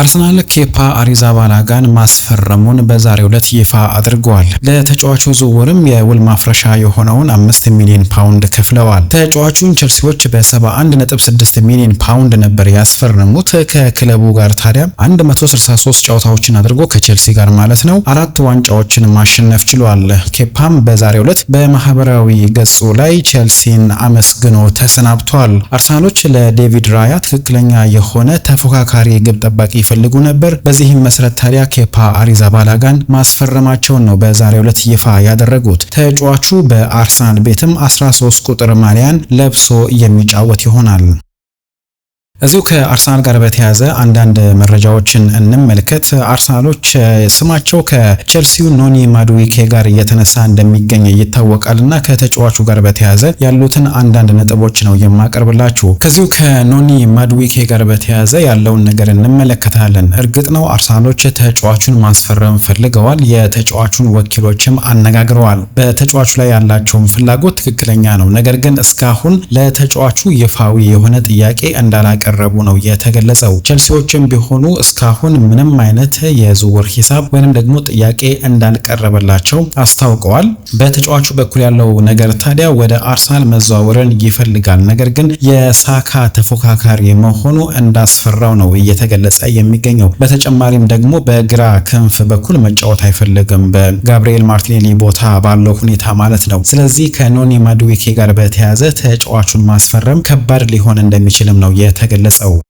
አርሰናል ኬፓ አሪዛባላጋን ማስፈረሙን በዛሬ ዕለት ይፋ አድርጓል። ለተጫዋቹ ዝውውርም የውል ማፍረሻ የሆነውን አምስት ሚሊዮን ፓውንድ ከፍለዋል። ተጫዋቹን ቸልሲዎች በ71.6 ሚሊዮን ፓውንድ ነበር ያስፈረሙት። ከክለቡ ጋር ታዲያ 163 ጨዋታዎችን አድርጎ ከቼልሲ ጋር ማለት ነው አራት ዋንጫዎችን ማሸነፍ ችሏል። ኬፓም በዛሬ ዕለት በማህበራዊ ገጹ ላይ ቼልሲን አመስግኖ ተሰናብቷል። አርሰናሎች ለዴቪድ ራያ ትክክለኛ የሆነ ተፎካካሪ ግብ ጠባቂ ይፈልጉ ነበር። በዚህም መሰረት ታዲያ ኬፓ አሪዛባላጋን ማስፈረማቸውን ነው በዛሬው ዕለት ይፋ ያደረጉት። ተጫዋቹ በአርሰናል ቤትም 13 ቁጥር ማሊያን ለብሶ የሚጫወት ይሆናል። እዚሁ ከአርሰናል ጋር በተያያዘ አንዳንድ መረጃዎችን እንመልከት። አርሰናሎች ስማቸው ከቼልሲው ኖኒ ማዱዊኬ ጋር እየተነሳ እንደሚገኝ ይታወቃል እና ከተጫዋቹ ጋር በተያያዘ ያሉትን አንዳንድ ነጥቦች ነው የማቀርብላችሁ። ከዚሁ ከኖኒ ማዱዊኬ ጋር በተያያዘ ያለውን ነገር እንመለከታለን። እርግጥ ነው አርሰናሎች ተጫዋቹን ማስፈረም ፈልገዋል። የተጫዋቹን ወኪሎችም አነጋግረዋል። በተጫዋቹ ላይ ያላቸውን ፍላጎት ትክክለኛ ነው። ነገር ግን እስካሁን ለተጫዋቹ ይፋዊ የሆነ ጥያቄ እንዳላቀ እንዳቀረቡ ነው የተገለጸው። ቸልሲዎችም ቢሆኑ እስካሁን ምንም አይነት የዝውውር ሂሳብ ወይንም ደግሞ ጥያቄ እንዳልቀረበላቸው አስታውቀዋል። በተጫዋቹ በኩል ያለው ነገር ታዲያ ወደ አርሰናል መዘዋወርን ይፈልጋል። ነገር ግን የሳካ ተፎካካሪ መሆኑ እንዳስፈራው ነው እየተገለጸ የሚገኘው። በተጨማሪም ደግሞ በግራ ክንፍ በኩል መጫወት አይፈልግም፣ በጋብሪኤል ማርቲኔሊ ቦታ ባለው ሁኔታ ማለት ነው። ስለዚህ ከኖኒ ማዱዊኬ ጋር በተያያዘ ተጫዋቹን ማስፈረም ከባድ ሊሆን እንደሚችልም ነው የተገለ የገለጸው።